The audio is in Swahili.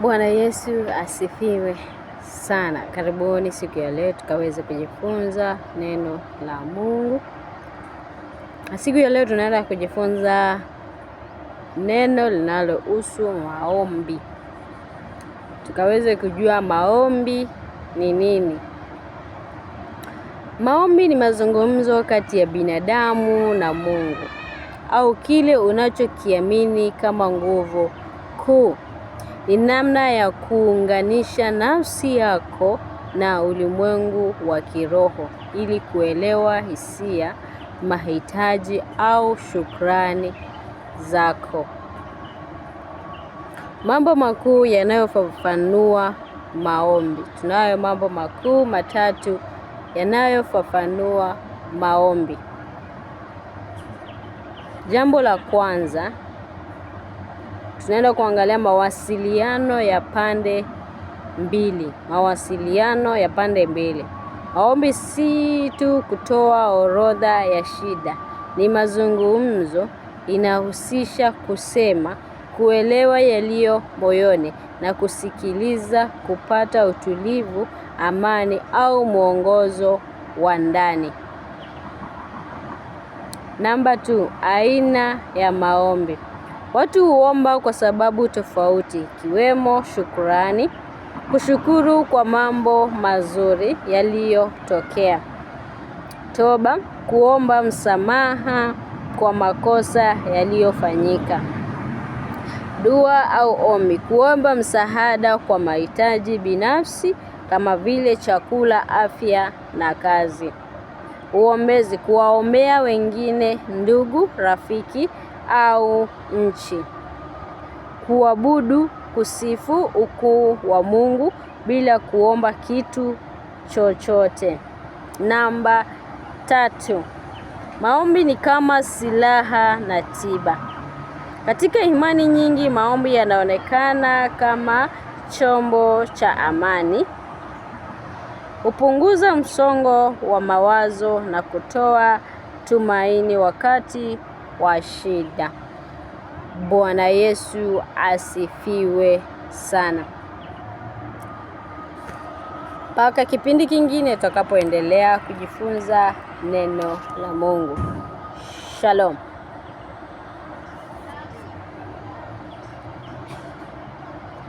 Bwana Yesu asifiwe sana. Karibuni siku ya leo tukaweze kujifunza neno la Mungu. Siku ya leo tunaenda kujifunza neno linalohusu maombi, tukaweze kujua maombi ni nini. Maombi ni mazungumzo kati ya binadamu na Mungu au kile unachokiamini kama nguvu kuu ni namna ya kuunganisha nafsi yako na ulimwengu wa kiroho ili kuelewa hisia, mahitaji au shukrani zako. Mambo makuu yanayofafanua maombi. Tunayo mambo makuu matatu yanayofafanua maombi. Jambo la kwanza tunaenda kuangalia mawasiliano ya pande mbili. Mawasiliano ya pande mbili. Maombi si tu kutoa orodha ya shida, ni mazungumzo. Inahusisha kusema, kuelewa yaliyo moyoni na kusikiliza, kupata utulivu, amani au mwongozo wa ndani. Namba 2, aina ya maombi. Watu huomba kwa sababu tofauti ikiwemo shukrani, kushukuru kwa mambo mazuri yaliyotokea, toba, kuomba msamaha kwa makosa yaliyofanyika, dua au ombi, kuomba msaada kwa mahitaji binafsi kama vile chakula, afya na kazi. Uombezi, kuwaombea wengine, ndugu, rafiki au nchi. Kuabudu, kusifu ukuu wa Mungu bila kuomba kitu chochote. Namba tatu, maombi ni kama silaha na tiba. Katika imani nyingi, maombi yanaonekana kama chombo cha amani, hupunguza msongo wa mawazo na kutoa tumaini wakati wa shida. Bwana Yesu asifiwe sana. Mpaka kipindi kingine tutakapoendelea kujifunza neno la Mungu. Shalom.